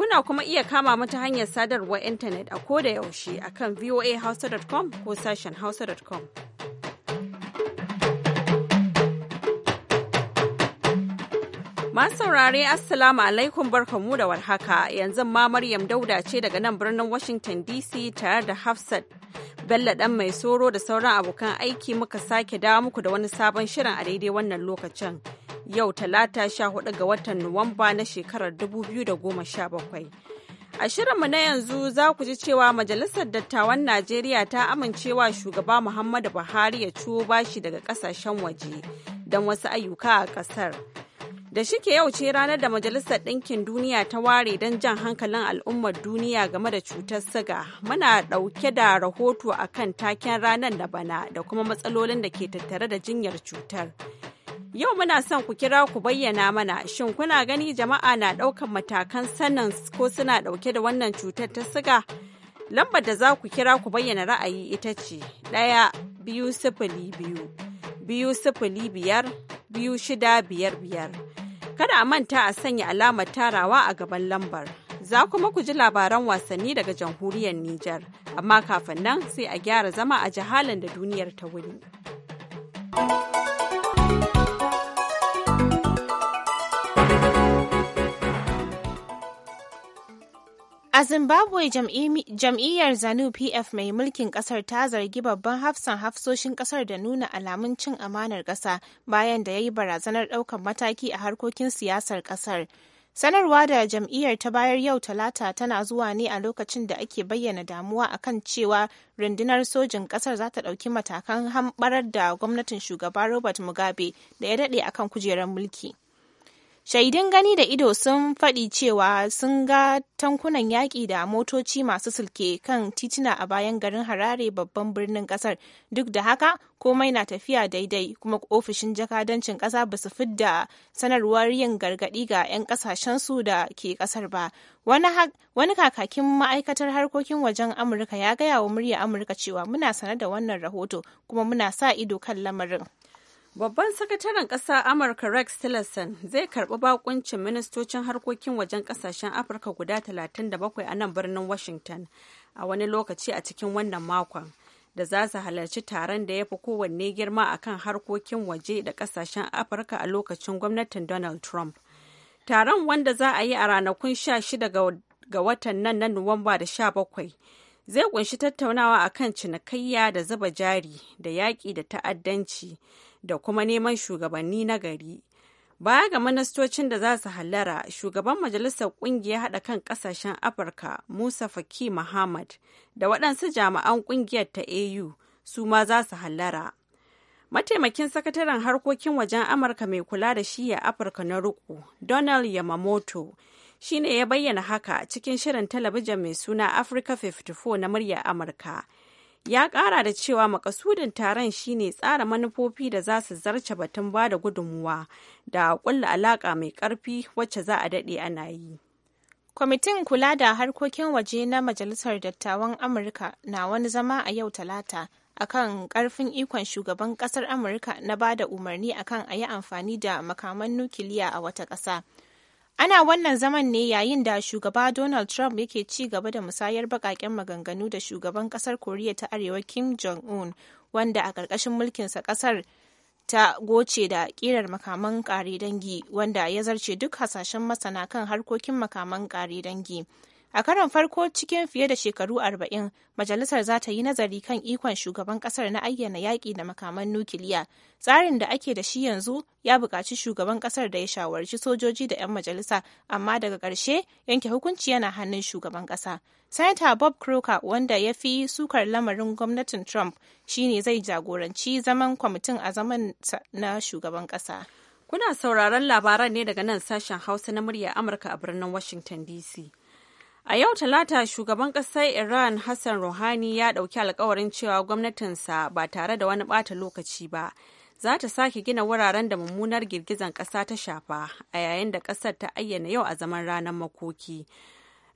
Kuna kuma iya kama mata hanyar sadarwar intanet a ko da yaushe a kan voahausa.com ko sashen hausa.com. Masu saurare Assalamu alaikum barkamu da warhaka yanzu ma Maryam Dauda ce daga nan birnin Washington DC tare da Hafsat Bello dan mai soro da sauran abokan aiki muka sake dawo muku da wani sabon shirin a daidai wannan lokacin. yau talata 14 ga watan Nuwamba na shekarar 2017. A shirinmu na yanzu za ku ji cewa Majalisar Dattawan Najeriya ta amincewa shugaba Muhammadu Buhari ya ciwo bashi daga kasashen waje don wasu ayyuka a ƙasar. Da shike yau ce ranar da Majalisar Ɗinkin Duniya ta ware don jan hankalin al'ummar duniya game da cutar siga. Muna ɗauke da rahoto a kan taken ranar da bana da kuma matsalolin da ke tattare da jinyar cutar. Yau muna son ku kira ku bayyana mana shin kuna gani jama'a na ɗaukan matakan sanin ko suna ɗauke da wannan cutar ta siga? Lambar da za ku kira ku bayyana ra'ayi ita ce ɗaya biyu sifili biyu biyu sifili biyar biyu shida biyar biyar. Kada a manta a sanya alamar tarawa a gaban lambar. Za kuma ku ji labaran wasanni daga jamhuriyar Nijar, amma kafin nan sai a gyara zama a jihalin da duniyar ta wuni. A Zimbabwe jam'iyyar Zanu PF mai mulkin kasar ta zargi babban hafsan hafsoshin kasar da nuna alamun cin amanar ƙasa bayan da ya yi barazanar ɗaukar mataki a harkokin siyasar ƙasar. Sanarwa da jam'iyyar ta bayar yau Talata tana zuwa ne a lokacin da ake bayyana damuwa akan cewa rundunar sojin ƙasar za ta ɗauki matakan hamɓarar da gwamnatin shugaba Robert Mugabe da ya daɗe akan kujerar mulki. Shaidun gani da ido sun faɗi cewa sun ga tankunan yaƙi da motoci masu sulke kan titina a bayan garin Harare babban birnin ƙasar. Duk da haka, komai na tafiya daidai kuma ofishin jakadancin ƙasa ba su fidda sanarwar yin gargaɗi ga 'yan su da ke ƙasar ba. Wani kakakin ma'aikatar harkokin wajen Amurka ya gaya wa murya Amurka cewa muna sanar da wannan rahoto kuma muna sa ido kan lamarin. Babban sakataren ƙasa Amurka Rex Tillerson zai karɓi bakuncin ministocin harkokin wajen ƙasashen Afirka guda 37 a nan birnin Washington a wani lokaci a cikin wannan makon da za su halarci taron da ya fi kowanne girma a kan harkokin waje da ƙasashen Afirka a lokacin gwamnatin Donald Trump. Taron wanda za a yi a ranakun 16 ga watan nan na Nuwamba da 17 zai ƙunshi tattaunawa akan cinikayya da zuba jari da yaƙi da ta'addanci. da kuma neman shugabanni na gari. Baya ga ministocin da za su hallara, shugaban majalisar kungiyar haɗa kan ƙasashen Afirka Musa Faki Muhammad da waɗansu jami'an kungiyar ta AU su ma za su hallara. Mataimakin sakataren harkokin wajen Amurka mai kula da shi a Afirka na ruku, Donald Yamamoto, shi ne ya bayyana haka cikin shirin talabijin mai suna Africa 54 na muryar Amurka, ya kara da cewa makasudin taron shine tsara manufofi da za su zarce batun ba da gudunmuwa da kulla alaka mai karfi wacce za a daɗe ana yi kwamitin kula da harkokin waje na majalisar dattawan amurka na wani zama a yau talata akan karfin ikon shugaban kasar amurka na ba da umarni akan a yi amfani da makaman nukiliya a wata ƙasa. Ana wannan zaman ne yayin da shugaba Donald Trump yake ci gaba da musayar baƙaƙen maganganu da shugaban kasar Koriya ta Arewa Kim Jong-un, wanda a ƙarƙashin mulkinsa ƙasar ta goce da ƙirar makaman ƙare dangi, wanda ya zarce duk hasashen masana kan harkokin makaman ƙare dangi. A karon farko cikin fiye da shekaru arba'in, majalisar za ta yi nazari kan ikon shugaban kasar na ayyana yaƙi da makaman nukiliya. Tsarin da ake da shi yanzu ya buƙaci shugaban kasar da ya shawarci sojoji da 'yan majalisa, amma daga ƙarshe yanke hukunci yana hannun shugaban ƙasa. Sanata Bob Croker, wanda ya fi sukar lamarin gwamnatin Trump, shine zai jagoranci zaman kwamitin a zaman na shugaban ƙasa. Kuna sauraron labaran ne daga nan sashen Hausa na murya Amurka a birnin Washington DC. A yau Talata shugaban ƙasar Iran Hassan Rouhani ya ɗauki alkawarin cewa gwamnatinsa ba tare da wani ɓata lokaci ba za ta sake gina wuraren da mummunar girgizan ƙasa ta shafa a yayin da ƙasar ta ayyana yau a zaman ranar makoki.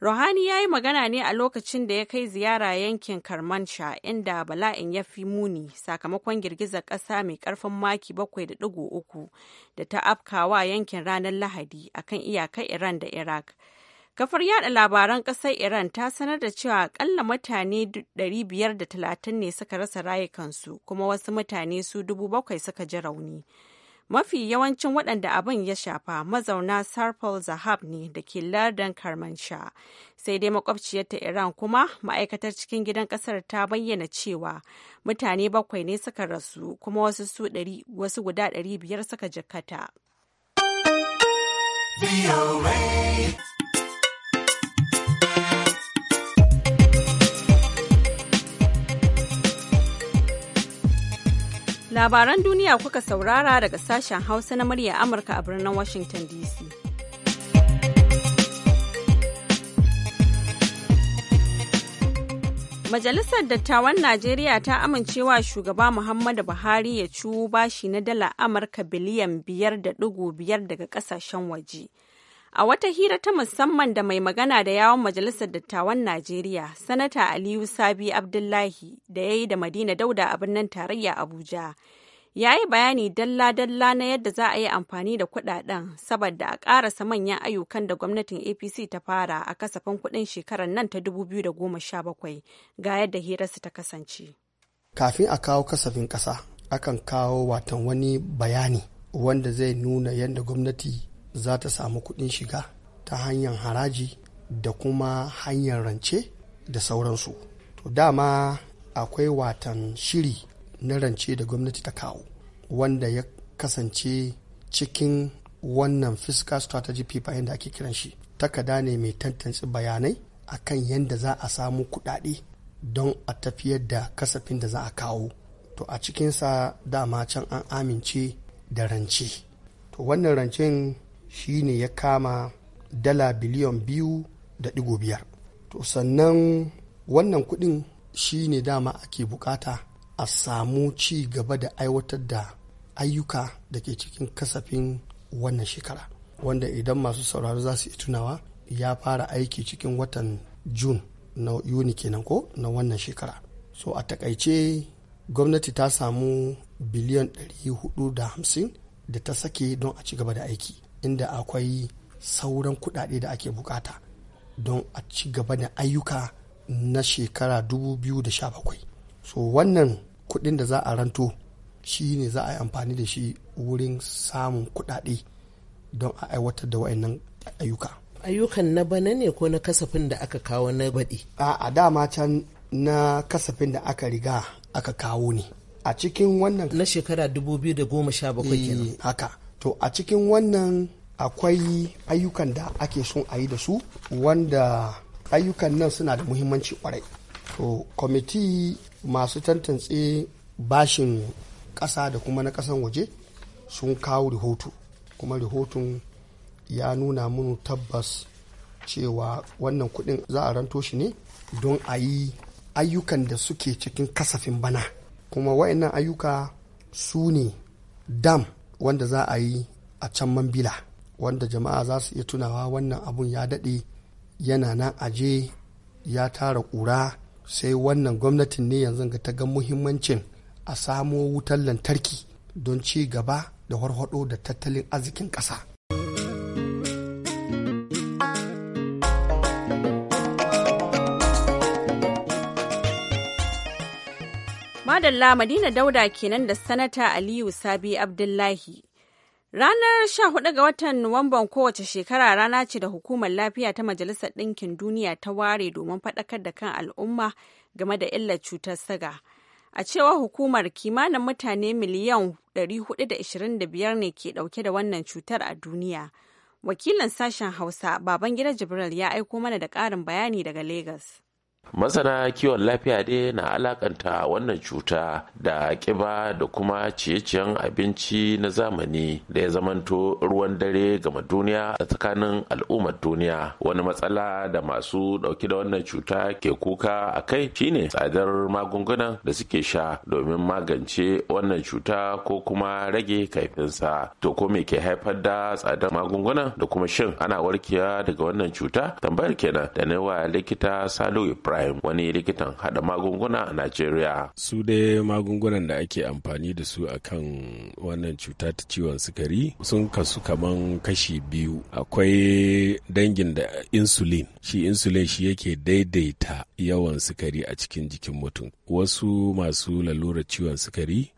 Rouhani ya yi magana ne a lokacin da ya kai ziyara yankin Karmansha inda bala'in ya fi muni sakamakon girgizar ƙasa mai ƙarfin maki 7.3 da ta afkawa yankin ranar Lahadi akan iyakar Iran da Iraq. Kafar yada labaran kasar Iran ta sanar da cewa akalla mutane 530 ne suka rasa rayukansu kuma wasu mutane su 7,000 suka ji rauni. Mafi yawancin waɗanda abin ya shafa mazauna Sarpal Zahab ne da ke lardin Karmansha. Sai dai makwabciyarta Iran kuma ma'aikatar cikin gidan ƙasar ta bayyana cewa mutane bakwai ne suka rasu kuma wasu su wasu guda ɗari biyar suka jikkata. Labaran duniya kuka saurara daga sashen Hausa na murya Amurka a birnin Washington DC. Majalisar Dattawan Najeriya ta amincewa shugaba Muhammadu Buhari ya ciwo bashi na dala Amurka biliyan biyar da biyar daga ƙasashen waje. A wata hira ta musamman da mai magana da yawon Majalisar Dattawan Najeriya, Sanata Aliyu Sabi Abdullahi da ya yi da Madina Dauda a birnin tarayya Abuja. Ya yi bayani dalla-dalla na yadda za a yi amfani da kuɗaɗen saboda a ƙarasa manyan ayyukan da gwamnatin APC ta fara a kasafin kuɗin shekarar nan ta 2017 ga yadda hirarsu ta kasance. Kafin a kawo kasafin ƙasa, akan kawo watan wani bayani wanda zai nuna yadda gwamnati za ta samu kuɗin shiga ta hanyar haraji da kuma hanyar rance da sauransu to dama akwai watan shiri na rance da gwamnati ta kawo wanda ya kasance cikin wannan fiscal strategy paper yadda ake kiran shi takada ne mai tantance bayanai akan yadda za a samu kuɗaɗe don a tafiyar da kasafin da za a kawo to a cikinsa dama can an amince da rance to wannan rancen shine ya kama dala biliyan biyu da digo biyar to sannan wannan kuɗin shine dama ake bukata a samu ci gaba da aiwatar da ayyuka da ke cikin kasafin wannan shekara wanda idan masu sauraro za su tunawa ya fara aiki cikin watan jun na yuni kenan ko na wannan shekara so a takaice gwamnati ta samu biliyan 450 da ta sake don a ci gaba da aiki inda akwai sauran kuɗaɗe da ake bukata don a ci gaba da ayyuka na shekara 2017 so wannan kuɗin da za a ranto shi ne za a yi amfani da shi wurin samun kuɗaɗe don a aiwatar da wa'annan ayyuka ayyukan na bana ne ko na kasafin da aka kawo na baɗi a dama can na kasafin da aka riga aka kawo ne a cikin wannan na shekara 2017 eh, haka to a cikin wannan akwai ayyukan da ake son a yi da su wanda ayyukan nan suna da muhimmanci kwarai to kwamiti masu tantance bashin ƙasa da kuma na ƙasan waje sun kawo rahoto kuma rahoton ya nuna mun tabbas cewa wannan kuɗin za a ranto shi ne don a yi ayyukan da suke cikin kasafin bana kuma wa'annan ayyuka su ne dam wanda za a yi a can mambila wanda jama'a za su iya tunawa wannan abun ya daɗe yana nan aje ya tara ƙura sai wannan gwamnatin ne yanzu ga ta ga muhimmancin a samo wutar lantarki don ci gaba da warhado da tattalin arzikin ƙasa. Madalla Madina Dauda kenan da Sanata Aliyu Sabi Abdullahi. Ranar 14 ga watan Nuwamban kowace shekara rana ce da Hukumar Lafiya ta Majalisar Ɗinkin Duniya ta ware domin faɗakar da kan al'umma game da illar cutar saga A cewa hukumar kimanin mutane miliyan 425 ne ke ɗauke da wannan cutar a duniya. Wakilin sashen Hausa Babangida Jibril ya aiko mana da ƙarin bayani daga Legas. masana kiwon lafiya dai na alakanta wannan cuta da kiba da kuma ciye-ciyen abinci na zamani da ya zamanto ruwan dare gama duniya a tsakanin al'ummar duniya wani matsala da masu ɗauki da wannan cuta ke kuka a kai shine tsadar magungunan da suke sha domin magance wannan cuta ko kuma rage kaifinsa to ko me ke haifar da tsadar magungunan da kuma shin ana warkewa daga wannan cuta tambayar kenan da na wa likita salo Ibrahim wani likitan hada magunguna a Najeriya. Su dai magungunan da ake amfani da su akan wannan cuta ta ciwon sukari sun kasu kaman kashi biyu. Akwai dangin da insulin. Shi insulin shi yake daidaita yawan sukari a cikin jikin mutum. Wasu masu lalura ciwon sukari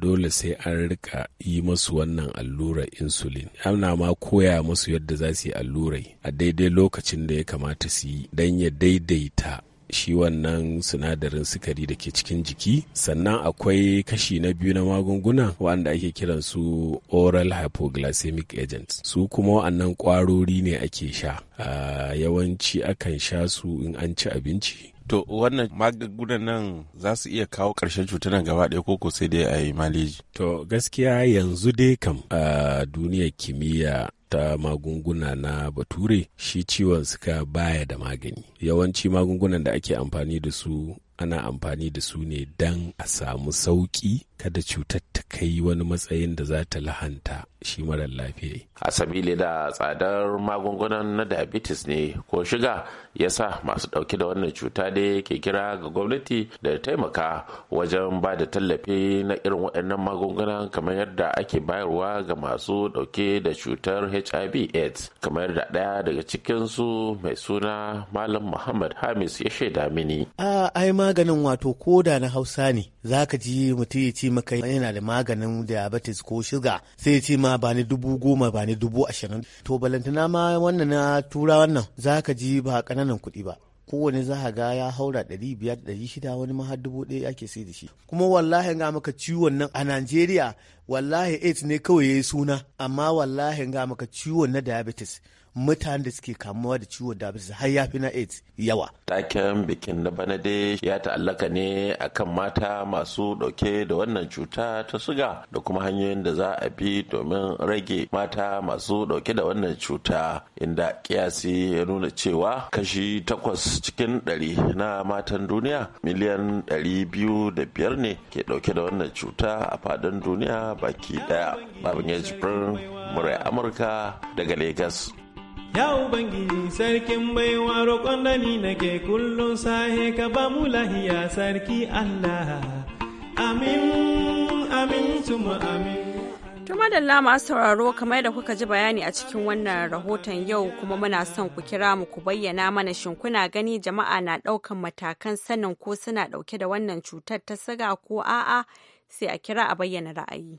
dole sai an rika yi masu wannan allurar insulin. Ana ma koya masu yadda za su yi allurai a daidai lokacin da ya kamata su yi don ya daidaita shi wannan sinadarin sukari da ke cikin jiki sannan akwai kashi na biyu na magunguna wanda ake kiran su oral hypoglycemic agents su kuma wannan ƙwarori ne ake sha ah, yawanci akan sha su in an ci abinci To wannan magungunan nan za su iya kawo ƙarshen cutar nan gaba ɗaya koko sai dai a yi maleji. To gaskiya yanzu dai kam a duniyar kimiyya ta magunguna na bature shi ciwon suka baya da magani. Yawanci magungunan da ake amfani da su ana amfani da su ne don a samu sauƙi kada cutar ta kai wani matsayin da za ta lahanta shi marar lafiya. A sabili da tsadar magungunan na diabetes ne ko shiga ya sa masu ɗauke da wannan cuta da ke kira ga gwamnati da taimaka wajen ba da tallafi na irin waɗannan magungunan kamar yadda ake bayarwa ga masu ɗauke da cutar HIV AIDS kamar yadda ɗaya daga cikinsu mai suna Malam Muhammad Hamis ya shaida mini. A ai maganin wato koda na Hausa ne za ka ji mutum ya ce maka yana da maganin diabetes ko shiga sai ce ma ba ni dubu goma ba ni dubu ashirin to balantana ma wannan na tura wannan za ka ji ba kananan kuɗi ba kowane za ga ya haura ɗari biyar ɗari shida wani ma har dubu ɗaya ake sai da shi kuma wallahi ga maka ciwon nan a najeriya wallahi aids ne kawai ya yi suna amma wallahi ga maka ciwon na diabetes mutanen da suke kamuwa da ciwon diabetes har ya fi na aids yawa. Taken bikin na bana dai ya ta'allaka ne akan mata masu ɗauke da wannan cuta ta suga da kuma hanyoyin da za a bi domin rage mata masu ɗauke da wannan cuta inda kiyasi ya nuna cewa kashi takwas cikin ɗari na matan duniya miliyan ɗari biyu da biyar ne ke ɗauke da wannan cuta a faɗin duniya baki daya babin jibrin murai amurka daga Legas. Ya Ubangiji sarkin baiwa roƙon da ni nake kullum sahe ka ba mu lahiya sarki Allah. Amin, amin, tuma amin. Tuma da lama sauraro kamar da kuka ji bayani a cikin wannan rahoton yau kuma muna son ku kira mu ku bayyana mana shin kuna gani jama'a na ɗaukan matakan sanin ko suna ɗauke da wannan cutar ta siga ko a'a sai a kira a bayyana ra'ayi.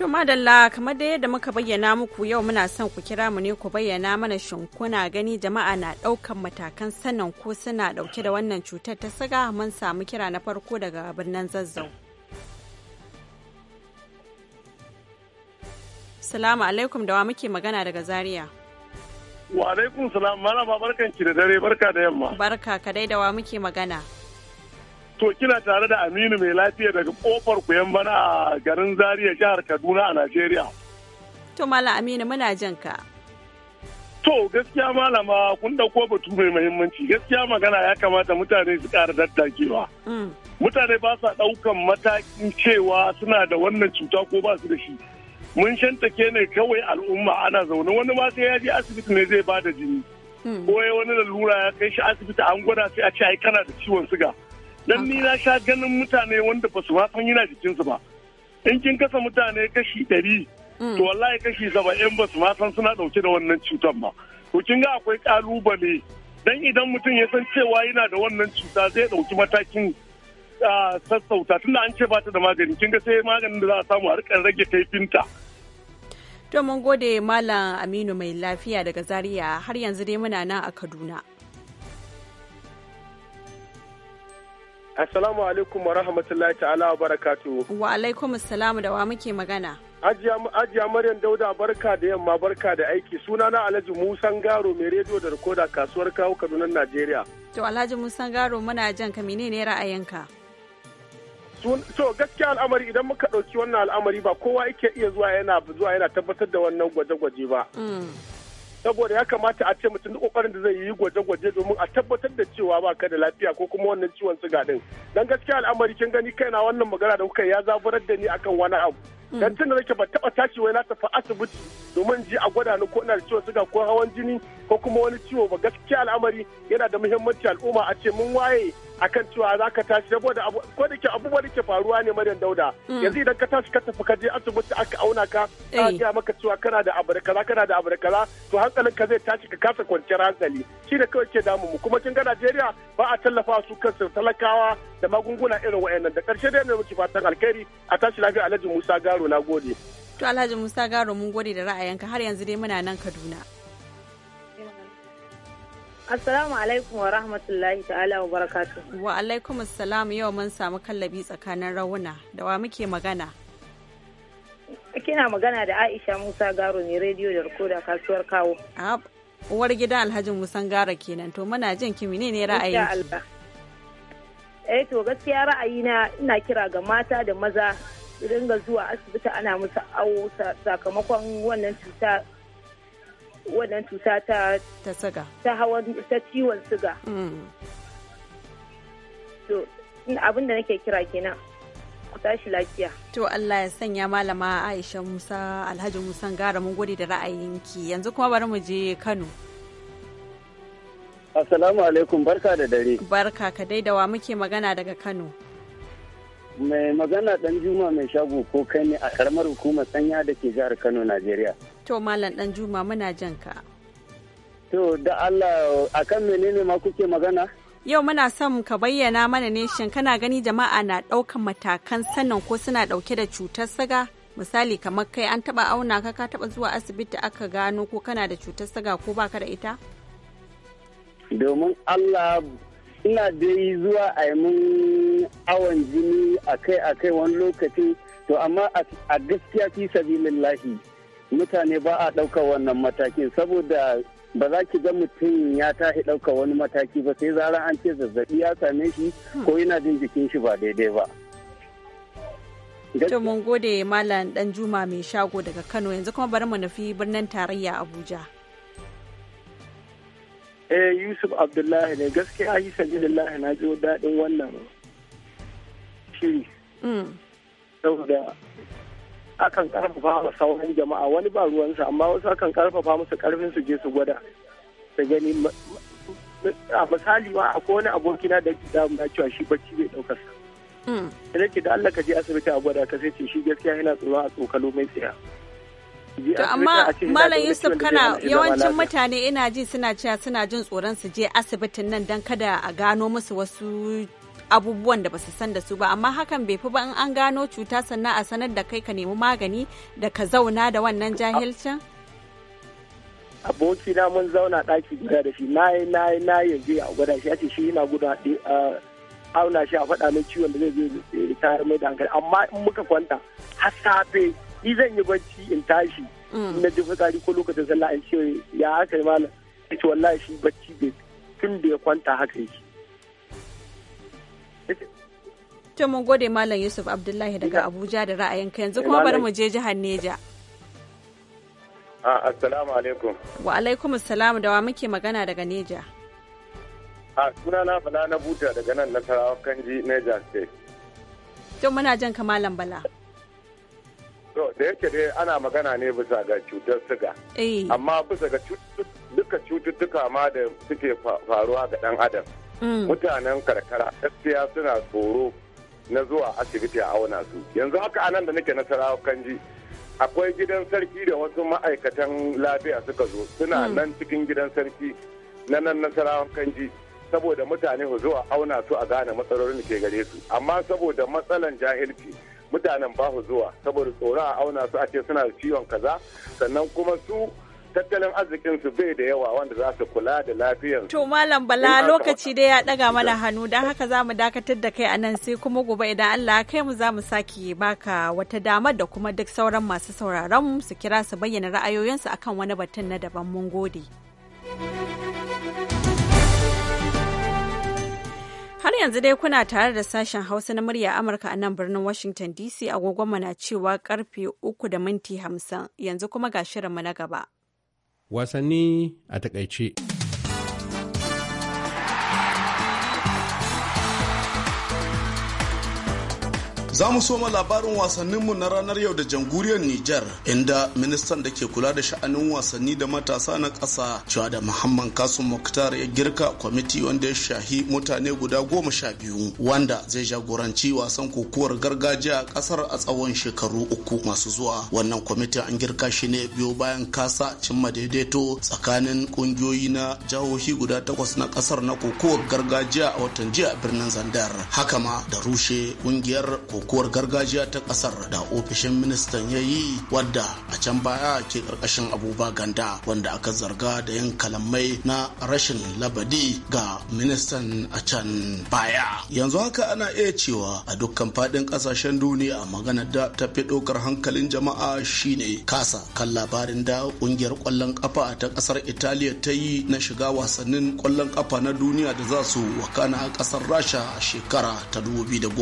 To madalla kamar da yadda muka bayyana muku yau muna son ku kira mu ne ku bayyana mana shin kuna gani jama'a na ɗaukan matakan sannan ko suna ɗauke da wannan cutar ta siga mun samu kira na farko daga birnin zazzau. Salamu alaikum da wa muke magana daga Zaria. Wa alaikum salam malama barkanki da dare barka da yamma. Barka kadai da wa muke magana. To kina tare da Aminu mai lafiya daga kofar kuyan bana a garin Zaria jihar Kaduna a Najeriya. To Malam Aminu muna jan ka. To gaskiya malama kun dauko batu mai muhimmanci gaskiya magana ya kamata mutane su ƙara daddakewa. Mm. Mutane ba sa ɗaukan matakin cewa suna da wannan cuta ko ba su da shi. Mun shantake ne kawai al'umma ana zaune wani ma sai ya je asibiti ne zai ba da jini. Mm. Ko wani lalura ya kai shi asibiti an gwada sai a ce ai kana da ciwon siga. dan ni na sha ganin mutane wanda ba su san yana jikinsu ba in kin kasa mutane kashi ɗari mm. to wallahi kashi saba'in ba su san suna ɗauke da wannan cutar ba to kin ga akwai ƙalubale dan idan mutum ya san cewa yana da wannan cuta zai ɗauki matakin sassauta tunda an ce bata da magani kin ga sai maganin da za a samu a rika rage kaifinta to gode malam aminu mai lafiya daga zaria har yanzu dai muna nan a kaduna Assalamu alaikum wa rahmatullahi ta'ala wa barakatu. Wa alaikum assalamu da wa muke magana. Ajiya Maryam Dauda barka da yamma barka da aiki suna na Alhaji Musan Garo mai rediyo da rikoda kasuwar kawo Kaduna Najeriya. To Alhaji Musan Garo muna jan ka menene ra'ayinka? to gaskiya al'amari idan muka ɗauki wannan al'amari ba kowa yake iya zuwa yana zuwa yana tabbatar da wannan gwaje-gwaje ba. Mm. saboda ya kamata a ce mutum kokarin da zai yi gwaje-gwaje domin a tabbatar da cewa ba ka da lafiya ko kuma wannan ciwon siga din dan gaskiya al'amari kin gani kaina wannan magana da kuka ya zaburar da ni akan wani abu mm. dan tunda da nake ba taba tashi wai na tafi asibiti domin ji a gwada ni ko ina da ciwon siga ko hawan jini ko kuma wani ciwo ba gaskiya al'amari yana da muhimmanci al'umma a ce mun waye akan cewa za ka tashi saboda ko da ke abubuwan da ke faruwa ne maryam dauda mm. yanzu idan ka tashi ka tafi ka je asibiti aka auna ka ka eh. ga maka cewa kana da abu da kana da abu da kaza to hankalin ka zai tashi ka kasa kwanciyar hankali shi da kawai ke damu mu kuma kin ga Najeriya ba a tallafa su kansu talakawa da magunguna irin wayannan da karshe dai ne muke fatan alkhairi a tashi lafiya Alhaji Musa Garo na gode to Alhaji Musa Garo mun gode da ra'ayinka har yanzu dai muna nan Kaduna Assalamu alaikum wa rahmatullahi ta'ala wa barakatu. Wa alaikum assalam yau mun samu kallabi tsakanin rawuna da wa muke magana. Kina magana da Aisha Musa Garo ne rediyo da rikoda kasuwar kawo. Uwar gida Alhaji Musan Garo kenan to muna jin kimi ne ne ra'ayin ki. Eh, to gaskiya ra'ayi na ina kira ga mata da maza su dinga zuwa asibiti ana musu awo sakamakon wannan cuta wannan cuta ta ta ta hawan ta ciwon siga mm. to abin da nake kira kenan ku tashi lafiya to Allah ya sanya malama Aisha Musa Alhaji Musa Gara mun gode da ra'ayinki yanzu kuma bari mu je Kano Assalamu alaikum barka da dare barka ka dai muke magana daga Kano mai magana dan juma mai shago ko kai ne a karamar hukumar sanya da ke jihar kano najeriya To Malam Dan Juma muna jan ka. To da Allah akan menene ma kuke magana? Yau muna son ka bayyana mana ne shin kana gani jama'a na ɗaukan matakan sannan ko suna ɗauke da cutar saga? Misali kamar kai an taba auna ka ka taɓa zuwa asibiti aka gano ko kana da cutar saga ko baka da ita? Domin Allah ina dai zuwa a yi mun awon jini akai-akai wani lokaci to amma a gaskiya fi sabilillahi mutane ba a ɗauka wannan matakin saboda ba za ki ga mutum ya tashi ɗauka wani mataki ba sai zara an ce zazzabi ya same shi ko yana jin jikin shi ba daidai ba. To mun gode Malam Dan Juma mai shago daga Kano yanzu kuma bari mu nufi birnin tarayya Abuja. Eh Yusuf Abdullahi ne gaskiya yi sabidillahi na ji daɗin wannan shiri. Mm. Saboda akan karfafa ma sauran jama'a wani ba ruwansa amma wasu akan karfafa musu karfin su je su gwada da gani a misali ma akwai wani abokina da ke damu na cewa shi bacci bai ɗaukarsa sa hmm. sai ce da Allah ka je asibiti a gwada ka sai ce shi gaskiya yana tsoro a tsokalo mai tsaya To amma Malam Yusuf kana yawancin mutane ina ji suna cewa suna jin tsoron su je asibitin nan don kada a gano musu wasu abubuwan da basu san da su ba amma hakan bai fi ba in an gano cuta sannan a sanar da kai ka nemi magani da ka zauna da wannan jahilcin aboki na mun zauna daki guda da shi na yi na yi na yanzu a gwada shi ya ce shi yana guda auna shi a faɗa min ciwon da zai zai tayar mai da hankali amma in muka kwanta har safe ni zan yi bacci in tashi mm. na ji fitsari ko lokacin sallah in ce ya haka malam ya ita wallahi shi bacci bai tun da ya kwanta haka yake to mun gode malam yusuf abdullahi daga abuja da ra'ayinka yanzu kuma bari mu je jihar neja ah, assalamu alaikum wa alaikum assalam da wa muke magana daga neja a ah, suna na bala na buta daga nan nasarawa kanji neja state to muna jan ka malam bala to da yake dai ana magana ne bisa ga cutar siga eh. amma bisa ga duka cututtuka ma da suke faruwa ga dan adam mm. mutanen karkara gaskiya suna tsoro na zuwa asibiti a auna su yanzu haka anan da nake kan kanji akwai gidan sarki da wasu ma'aikatan lafiya suka zo suna hmm. nan cikin gidan sarki na nan kan kanji saboda mutane su zuwa auna su a gane matsalolin ke gare su amma saboda matsalan jahilci mutanen ba su zuwa saboda tsoron a auna su a ce suna da ciwon kaza sannan kuma su tattalin arzikin su bai da yawa wanda za su kula da lafiyar to malam bala lokaci dai ya daga mana hannu dan haka za mu dakatar da kai a nan sai kuma gobe idan Allah kai mu za mu saki baka wata damar da kuma duk sauran masu sauraron su kira su bayyana ra'ayoyinsu akan wani batun na daban mun gode Har yanzu dai kuna tare da sashen Hausa na murya Amurka a nan birnin Washington DC agogon na cewa karfe uku da minti hamsin yanzu kuma ga shirinmu na gaba. wasanni a takaice. Za mu soma labarin wasanninmu na ranar yau da jamhuriyar Nijar, inda ministan da ke kula da sha'anin wasanni da matasa na ƙasa, cewa da Muhammad Kasim Mukhtar ya girka kwamiti wanda ya shahi mutane guda goma sha biyu, wanda zai jagoranci wasan kokowar gargajiya a ƙasar a tsawon shekaru uku masu zuwa. Wannan kwamitin an girka shi ne biyo bayan kasa cimma daidaito tsakanin ƙungiyoyi na jihohi guda takwas na ƙasar na kokowar gargajiya a watan jiya a birnin Zandar. Haka ma da rushe ƙungiyar aukuwar gargajiya ta kasar da ofishin ministan ya yi wadda a can baya ke karkashin abuba ganda wanda aka zarga da yin kalamai na rashin labadi ga ministan a can baya yanzu haka ana iya cewa a dukkan fadin kasashen duniya magana da ta fi ɗaukar hankalin jama'a shine kasa kan labarin da kungiyar kwallon kafa ta kasar italiya ta yi na shiga wasannin kwallon kafa na duniya da za su wakana a kasar rasha a shekara ta 2018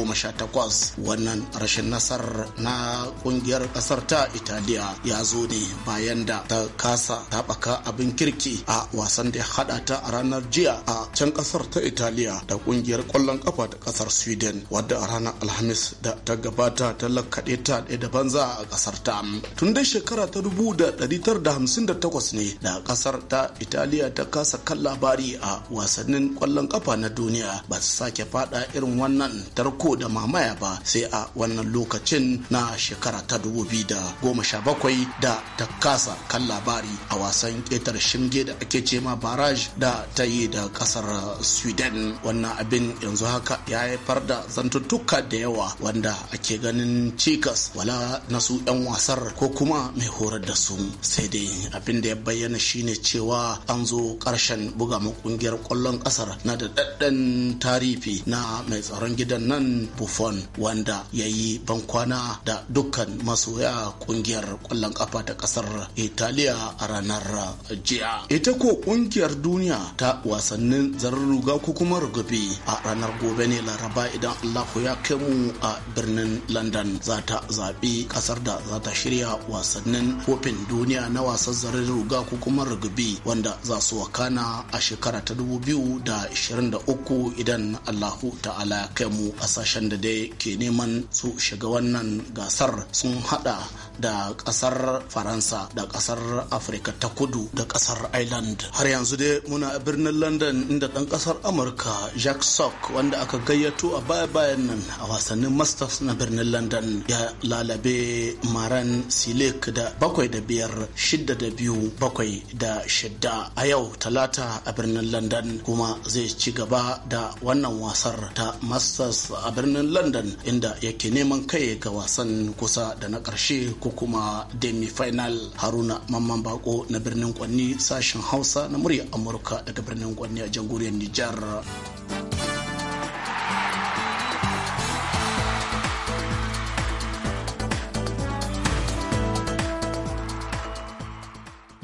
wannan rashin nasar na kungiyar kasar ta italiya ya zo ne bayan da ta kasa taɓaka abin kirki a wasan da ya haɗa ta a ranar jiya a can kasar ta italiya da kungiyar kwallon ƙafa ta kasar sweden wadda a ranar alhamis da ta gabata ta lakkaɗe ta ɗaya da banza a kasar ta tun dai shekara ta dubu da ɗari tara da hamsin da takwas ne da kasar ta italiya ta kasa kan labari a wasannin ƙwallon ƙafa na duniya ba su sake faɗa irin wannan tarko da mamaya ba sai sai a wannan lokacin na shekara ta dubu biyu da goma sha bakwai da ta kasa kan labari a wasan ƙetar shinge da ake ce ma baraj da ta yi da ƙasar sweden wannan abin yanzu haka ya haifar da zantuttuka da yawa wanda ake ganin cikas wala na su 'yan wasar ko kuma mai horar da su sai dai abin da ya bayyana shine cewa an zo ƙarshen buga ma ƙungiyar ƙwallon ƙasar na da daɗaɗɗen tarifi na mai tsaron gidan nan buffon wanda da ya yi bankwana da dukkan masoya kungiyar kwallon kafa ta kasar italiya a ranar jiya ita ko kungiyar duniya ta wasannin zarar ko kuma rugabe a ranar gobe ne laraba idan allahu ya kai mu a birnin london za ta zaɓi kasar da za ta shirya wasannin kofin duniya na wasan zarar ko kuma rugabe wanda za su wakana a shekara ta 2023 idan allahu ta'ala ya kai mu a sashen da dai ke neman neman su shiga wannan gasar sun hada da kasar faransa da kasar afirka ta kudu da kasar island. har yanzu dai muna a birnin london inda dan kasar amurka jack sock wanda aka gayyato a baya-bayan nan a wasannin masters na birnin london ya lalabe maran silik da bakwai da biyar shidda da biyu bakwai da shidda a yau talata a birnin london kuma zai ci gaba da wannan wasar ta masters a birnin london inda wanda yake neman kai ga wasan kusa da na ƙarshe ko kuma demi-final haruna mamman bako na birnin kwanni sashen hausa na murya amurka daga birnin kwanni a jamhuriyar nijar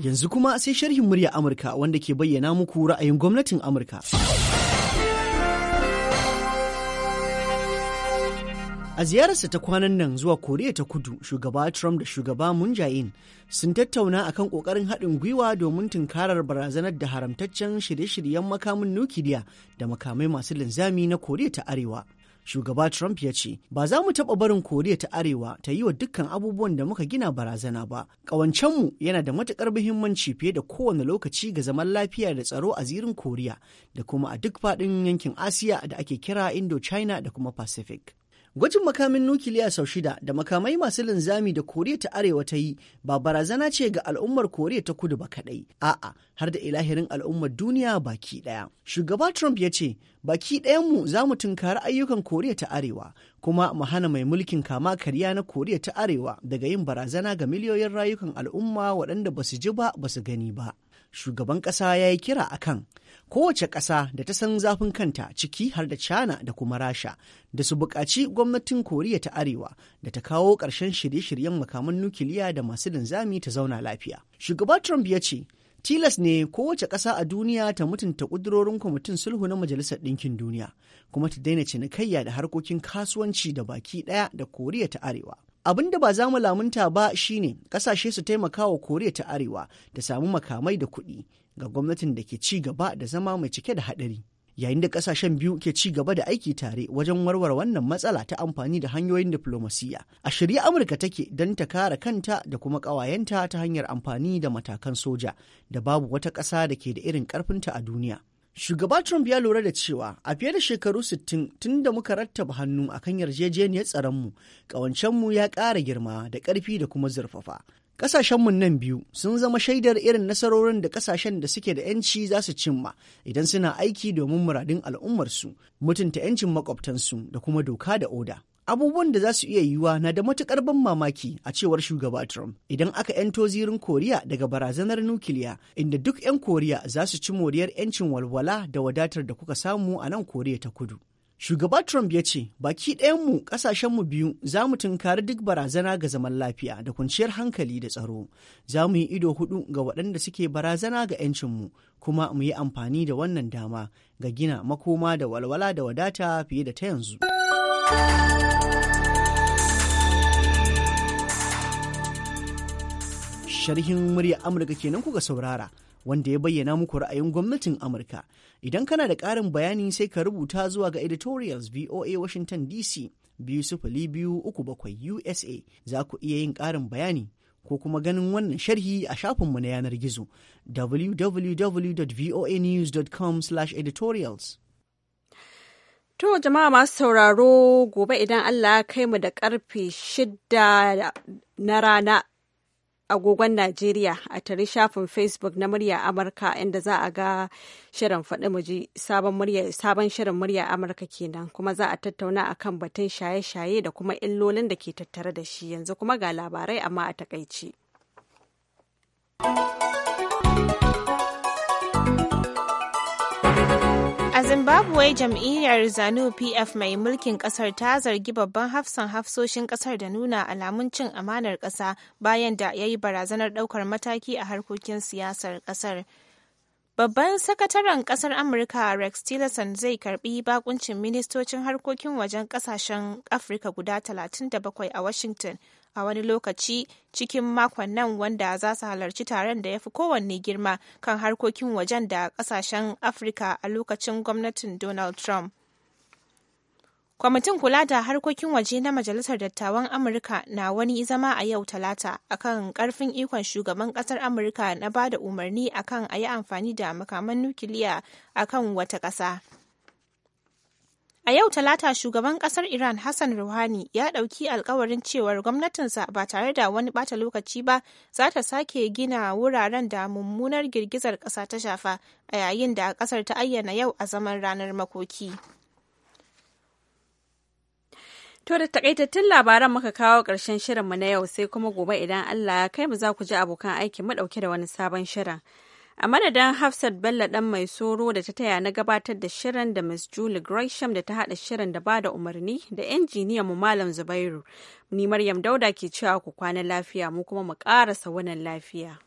yanzu kuma sai sharhin murya amurka wanda ke bayyana muku ra'ayin gwamnatin amurka A ziyararsa ta kwanan nan zuwa Koriya ta Kudu, shugaba Trump da shugaba Moon Jae-in sun tattauna akan kokarin haɗin gwiwa domin tunkarar barazanar da haramtaccen shirye-shiryen makamin nukiliya da makamai masu linzami na Koriya ta Arewa. Shugaba Trump ya ce, ba za mu taɓa barin Koriya ta Arewa ta yi wa dukkan abubuwan da muka gina barazana ba. Ƙawancenmu yana da matuƙar muhimmanci fiye da kowane lokaci ga zaman lafiya da tsaro a zirin Koriya da kuma a duk faɗin yankin Asiya da ake kira Indo-China da kuma Pacific. Gwajin makamin nukiliya sau shida da makamai masu linzami da Koriya ta Arewa ta yi ba barazana ce ga al'ummar Koriya ta Kudu ba kaɗai, a'a har da ilahirin al'ummar duniya baki ɗaya. Shugaba Trump ya ce, baki ɗayanmu za mu tunkari ayyukan Koriya ta Arewa, kuma mu hana mai mulkin kama karya na Koriya ta Arewa daga yin barazana ga miliyoyin rayukan al'umma waɗanda ba su ji ba ba su gani ba. Shugaban ƙasa ya yi kira akan kowace ƙasa da ta san zafin kanta ciki har da China da kuma Rasha da su buƙaci gwamnatin Koriya ta Arewa da ta kawo ƙarshen shirye-shiryen makaman nukiliya da masu linzami ta zauna lafiya. Shugaba Trump ya ce, tilas ne kowace ƙasa a duniya ta mutunta ƙudurorin kwamitin sulhu na majalisar ɗinkin duniya kuma ta daina cinikayya da harkokin kasuwanci da baki ɗaya da koriya ta arewa abin da ba za mu lamunta ba shine kasashe su taimaka wa koriya ta arewa ta samu makamai da kuɗi ga gwamnatin da ke ci gaba da zama mai cike da haɗari yayin da kasashen biyu ke ci gaba da aiki tare wajen warware wannan matsala ta amfani da hanyoyin diflomasiyya a shirye amurka take don ta kare kanta da kuma ƙawayenta ta hanyar amfani da matakan soja da babu wata ƙasa da ke da irin ƙarfinta a duniya Shugaba Trump ya lura da cewa a fiye da shekaru 60 tun da muka rattaba hannu a kan yarjejeniyar tsaronmu, ƙawancenmu ya ƙara girma da ƙarfi da kuma zurfafa. Ƙasashenmu nan biyu sun zama shaidar irin nasarorin da ƙasashen da suke da 'yanci za su cimma idan suna aiki domin muradin al'ummarsu, mutunta 'yancin maƙwabtansu da kuma doka da oda. abubuwan da za su iya yiwuwa na da matukar ban mamaki a cewar shugaba Trump idan aka 'yanto zirin Koriya daga barazanar nukiliya inda duk 'yan Koriya za su ci moriyar 'yancin walwala da wadatar da kuka samu a nan Koriya ta kudu. Shugaba Trump ya ce, baki mu ɗayanmu mu biyu za mu tunkari duk barazana ga zaman lafiya da kwanciyar hankali da tsaro. Za mu yi ido hudu ga waɗanda suke barazana ga mu kuma mu yi amfani da wannan dama ga gina makoma da walwala da wadata fiye da ta yanzu. Sharhin murya Amurka kenan kuka saurara wanda ya bayyana muku ra'ayin gwamnatin Amurka. Idan kana da ƙarin bayani sai ka rubuta zuwa ga editorials VOA Washington DC biyu sifili biyu uku bakwai USA za ku iya yin ƙarin bayani ko kuma ganin wannan sharhi a shafinmu na yanar gizo www.voanews.com/editorials. To jama'a masu sauraro gobe idan Allah ya kai mu da karfe shida na rana agogon Najeriya a tare shafin Facebook na murya Amurka inda za a ga shirin faɗi muji sabon murya sabon shirin murya Amurka kenan kuma za a tattauna a kan batun shaye-shaye da kuma illolin da ke tattare da shi yanzu kuma ga labarai amma a takaici. zimbabwe jam'iyyar zanu pf mai mulkin kasar ta zargi babban hafsan hafsoshin kasar da nuna alamun cin amanar kasa bayan da ya yi barazanar daukar mataki a harkokin siyasar kasar babban sakataren kasar amurka rex tillerson zai karbi bakuncin ministocin harkokin wajen kasashen afirka guda 37 a washington a wani lokaci cikin makon nan wanda za su halarci taron da ya fi kowanne girma kan harkokin wajen da kasashen afirka a lokacin gwamnatin donald trump Kwamitin kula da harkokin waje na Majalisar Dattawan Amurka na wani zama a yau Talata akan karfin ikon shugaban kasar Amurka na bada umarni akan a yi amfani da makaman nukiliya akan wata kasa. A yau Talata shugaban kasar Iran Hassan Rouhani ya ɗauki alkawarin cewar gwamnatinsa ba tare da wani bata lokaci ba za ta sake gina wuraren da mummunar girgizar ƙasa ta shafa a yayin da ƙasar ta ayyana yau a zaman ranar makoki. To da takaitattun labaran muka kawo ƙarshen shirinmu na yau sai kuma gobe idan Allah ya kai mu za ku ji abokan aiki mu ɗauke da wani sabon shirin. a madadin hafsat bello ɗan mai soro da ta taya na gabatar da shirin da miss julie gresham da ta haɗa shirin da ba da umarni da injiniyan mu malam zubairu ni maryam dauda ke cewa ku kwana lafiya mu kuma mu karasa wannan lafiya